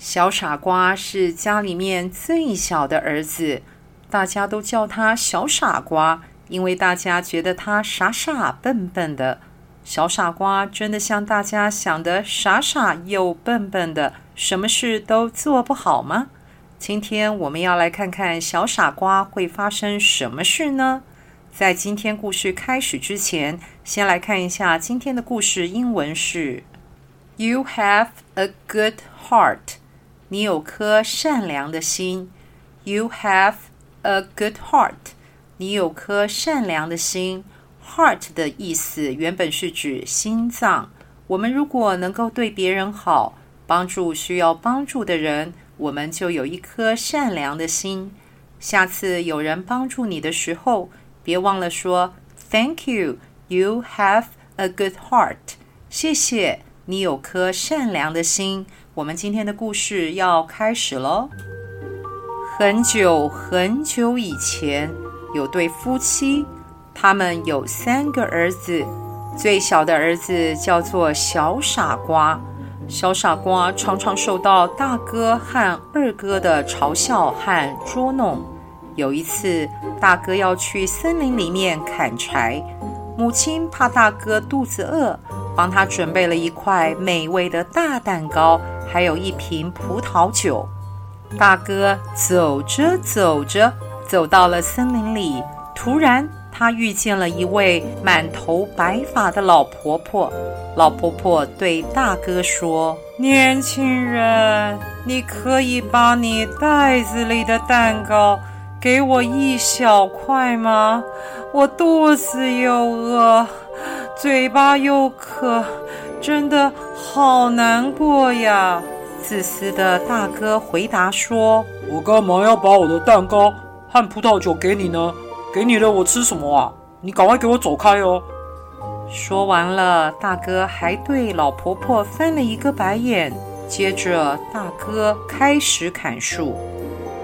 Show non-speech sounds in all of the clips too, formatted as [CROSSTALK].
小傻瓜是家裡面最小的兒子，大家都叫他小傻瓜，因為大家覺得他傻傻笨笨的。小傻瓜真的像大家想的傻傻又笨笨的，什麼事都做不好嗎？今天我們要來看看小傻瓜會發生什麼事呢？在今天故事開始之前，先來看一下今天的故事英文是：You have a good heart。你有顆善良的心，You have a good heart。你有顆善良的心，heart 的意思原本是指心臟。我們如果能夠對別人好，幫助需要幫助的人，我們就有一顆善良的心。下次有人幫助你的時候，別忘了說 Thank you。You have a good heart。謝謝你有顆善良的心。我們今天的故事要開始嘍。很久很久以前，有對夫妻，他們有三個兒子。最小的兒子叫做小傻瓜。小傻瓜常常受到大哥和二哥的嘲笑和捉弄。有一次，大哥要去森林裡面砍柴，母親怕大哥肚子餓，幫他準備了一塊美味的大蛋糕。還有一瓶葡萄酒。大哥走着走着，走到了森林裡。突然，他遇見了一位滿頭白髮的老婆婆。老婆婆對大哥說：“年輕人，你可以把你袋子裡的蛋糕給我一小塊嗎？我肚子又餓，嘴巴又渴。”真的好難過呀！自私的大哥回答說：“我幹嘛要把我的蛋糕和葡萄酒給你呢？給你了我吃什麼啊？你趕快給我走開哦！”說完了，大哥還對老婆婆翻了一個白眼。接着，大哥開始砍樹。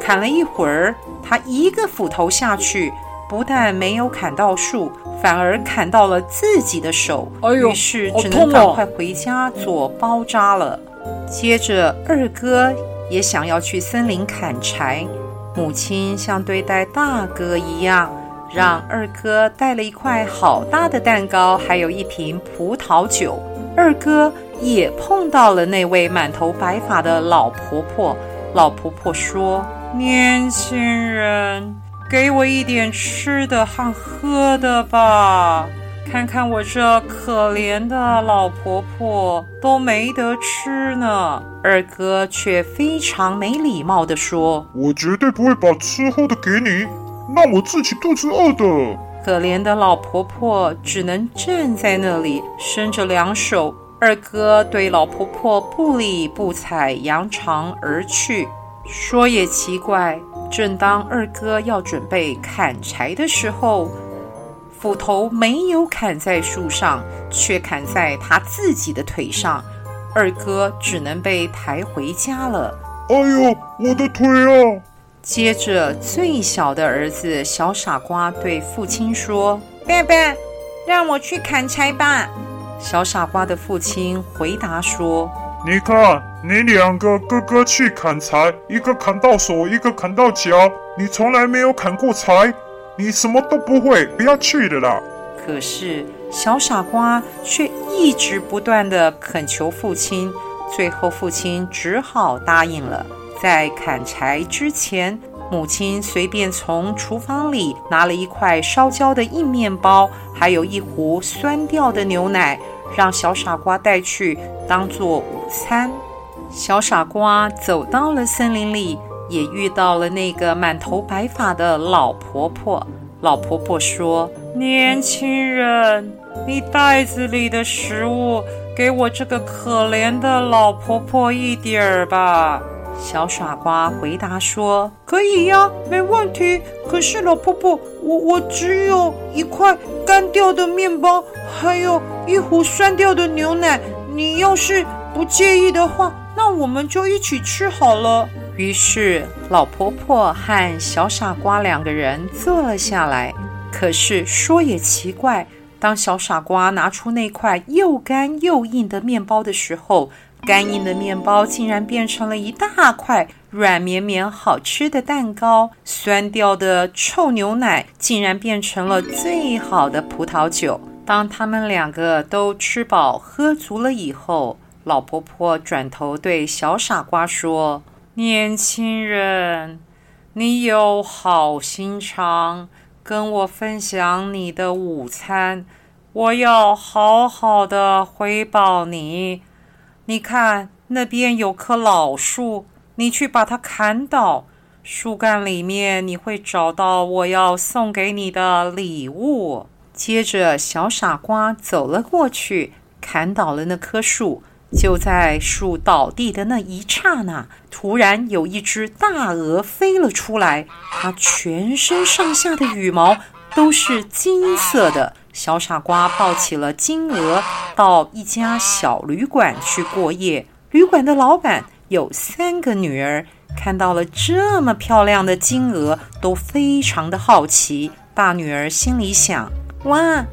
砍了一會兒，他一個斧頭下去，不但沒有砍到樹。反而砍到了自己的手，哎呦，於是只能趕快回家做包紮了。嗯。接着二哥也想要去森林砍柴，母親像對待大哥一樣，讓二哥帶了一塊好大的蛋糕，還有一瓶葡萄酒。嗯。二哥也碰到了那位滿頭白髮的老婆婆，老婆婆說：“年輕人。”給我一點吃的和喝的吧，看看我這可憐的老婆婆都沒得吃呢。二哥卻非常沒禮貌地說：“我絕對不會把吃喝的給你，那我自己肚子餓的。”可憐的老婆婆只能站在那裡，伸着兩手。二哥對老婆婆不理不睬，揚長而去。說也奇怪。正當二哥要準備砍柴的時候，斧頭沒有砍在樹上，卻砍在他自己的腿上。二哥只能被抬回家了。哎呦，我的腿啊！接着，最小的兒子小傻瓜對父親說：“爸爸，讓我去砍柴吧。”小傻瓜的父親回答說：“你看。”你兩個哥哥去砍柴，一個砍到手，一個砍到腳。你從來沒有砍過柴，你什麼都不會，不要去的啦。可是小傻瓜卻一直不斷地懇求父親，最後父親只好答應了。在砍柴之前，母親隨便從廚房裡拿了一塊燒焦的硬面包，還有一壺酸掉的牛奶，讓小傻瓜帶去當做午餐。 [NOISE] 小傻瓜走到了森林裡，也遇到了那個滿頭白髮的老婆婆。老婆婆說：“年輕人，你袋子裡的食物給我這個可憐的老婆婆一點兒吧。”小傻瓜回答說：“可以呀，沒問題。可是老婆婆，我我只有一塊乾掉的麵包，還有一壺酸掉的牛奶。你要是不介意的話。”那我們就一起吃好了。於是，老婆婆和小傻瓜兩個人坐了下來。可是說也奇怪，當小傻瓜拿出那塊又乾又硬的麵包的時候，乾硬的麵包竟然變成了一大塊軟綿綿、好吃的蛋糕；酸掉的臭牛奶竟然變成了最好的葡萄酒。當他們兩個都吃飽喝足了以後，老婆婆轉頭對小傻瓜說：“年輕人，你有好心腸，跟我分享你的午餐，我要好好的回報你。你看那邊有棵老樹，你去把它砍倒，樹幹裡面你會找到我要送給你的禮物。”接着，小傻瓜走了過去，砍倒了那棵樹。就在樹倒地的那一剎那，突然有一隻大鵝飛了出來，它全身上下的羽毛都是金色的。小傻瓜抱起了金鵝，到一家小旅館去過夜。旅館的老闆有三個女兒，看到了這麼漂亮的金鵝，都非常的好奇。大女兒心裡想：哇！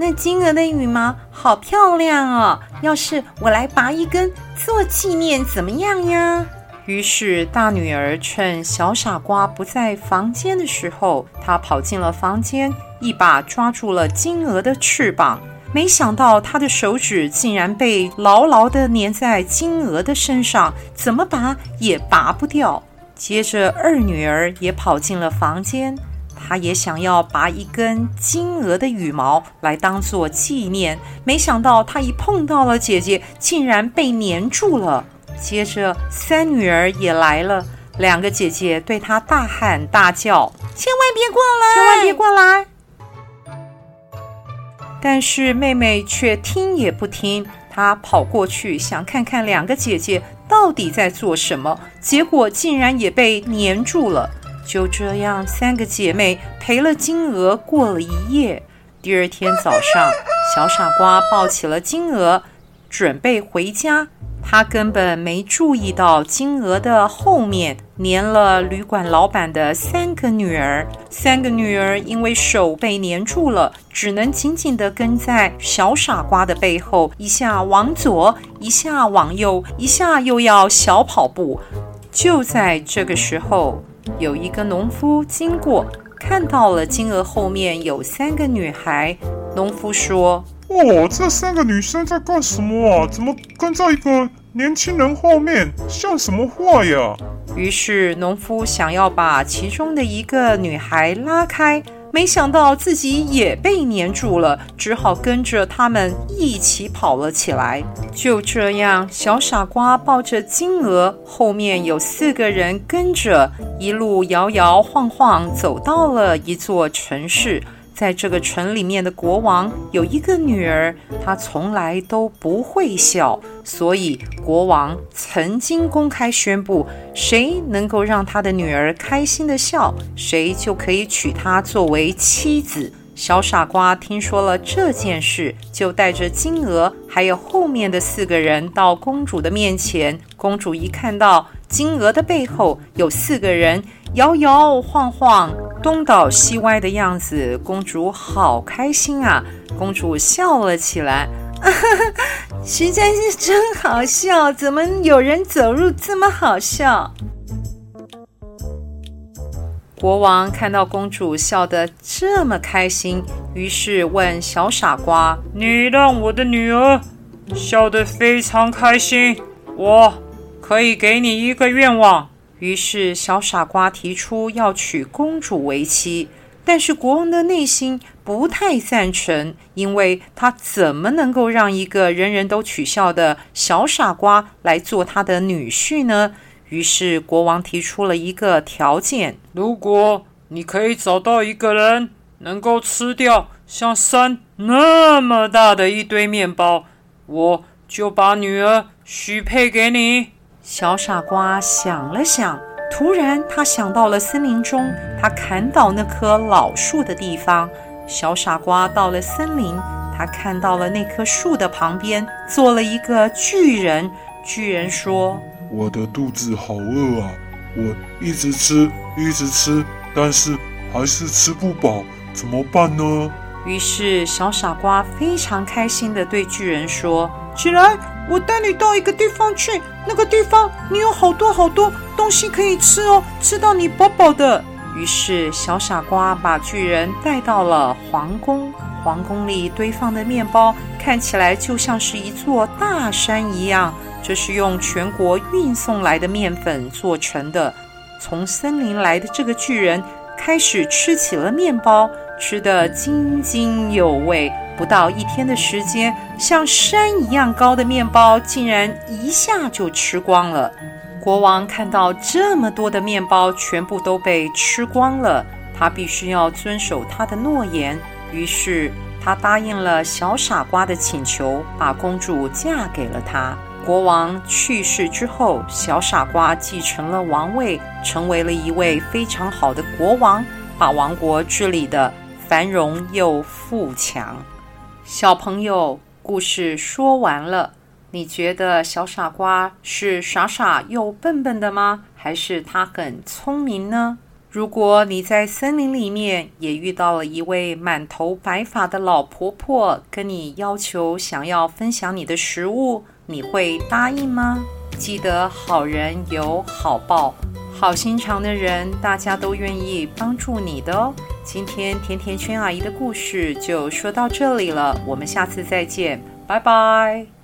那金鵝的羽毛好漂亮哦！要是我來拔一根做紀念，怎麼樣呀？於是大女兒趁小傻瓜不在房間的時候，她跑進了房間，一把抓住了金鵝的翅膀。沒想到她的手指竟然被牢牢地粘在金鵝的身上，怎麼拔也拔不掉。接着二女兒也跑進了房間。她也想要拔一根金鵝的羽毛來當做紀念，沒想到她一碰到了姐姐，竟然被粘住了。接着三女兒也來了，兩個姐姐對她大喊大叫：“千萬別過來，千萬別過來！”但是妹妹卻聽也不聽，她跑過去想看看兩個姐姐到底在做什麼，結果竟然也被粘住了。就這樣，三個姐妹陪了金鵝過了一夜。第二天早上，小傻瓜抱起了金鵝，準備回家。他根本沒注意到金鵝的後面粘了旅館老板的三個女兒。三個女兒因為手被粘住了，只能緊緊地跟在小傻瓜的背後，一下往左，一下往右，一下又要小跑步。就在這個時候，有一個農夫經過，看到了金鵝後面有三個女孩。農夫說：“哦，這三個女生在幹什麼啊？怎麼跟在一個年輕人後面，像什麼話呀？”於是，農夫想要把其中的一個女孩拉開。沒想到自己也被粘住了，只好跟着他們一起跑了起來。就這樣，小傻瓜抱着金鵝，後面有四個人跟着，一路搖搖晃晃走到了一座城市。在這個城裡面的國王有一個女兒，她從來都不會笑，所以國王曾經公開宣布，誰能夠讓他的女兒開心地笑，誰就可以娶她作為妻子。小傻瓜聽說了這件事，就帶着金鵝還有後面的四個人到公主的面前。公主一看到金鵝的背後有四個人搖搖晃晃。東倒西歪的樣子，公主好開心啊！公主笑了起來，哈哈哈，實在是真好笑，怎麼有人走路這麼好笑？國王看到公主笑得這麼開心，於是問小傻瓜：“你讓我的女兒笑得非常開心，我可以給你一個願望。”於是，小傻瓜提出要娶公主為妻，但是國王的內心不太贊成，因為他怎麼能夠讓一個人人都取笑的小傻瓜來做他的女婿呢？於是，國王提出了一個條件：如果你可以找到一個人能夠吃掉像山那麼大的一堆麵包，我就把女兒許配給你。小傻瓜想了想，突然他想到了森林中他砍倒那棵老樹的地方。小傻瓜到了森林，他看到了那棵樹的旁邊坐了一個巨人。巨人說：“我的肚子好餓啊，我一直吃，一直吃，但是還是吃不飽，怎麼辦呢？”於是，小傻瓜非常開心地對巨人說：“起來，我帶你到一個地方去。那個地方，你有好多好多東西可以吃哦，吃到你飽飽的。”於是，小傻瓜把巨人帶到了皇宮。皇宮裡堆放的麵包看起來就像是一座大山一樣，這是用全國運送來的麵粉做成的。從森林來的這個巨人開始吃起了麵包。吃得津津有味，不到一天的時間，像山一樣高的麵包竟然一下就吃光了。國王看到這麼多的麵包全部都被吃光了，他必須要遵守他的諾言，於是他答應了小傻瓜的請求，把公主嫁給了他。國王去世之後，小傻瓜繼承了王位，成為了一位非常好的國王，把王國治理得繁榮又富強，小朋友，故事說完了，你覺得小傻瓜是傻傻又笨笨的嗎？還是他很聰明呢？如果你在森林裡面也遇到了一位滿頭白髮的老婆婆，跟你要求想要分享你的食物，你會答應嗎？記得好人有好報。好心腸的人，大家都願意幫助你的哦。今天甜甜圈阿姨的故事就說到這裡了，我們下次再見，拜拜。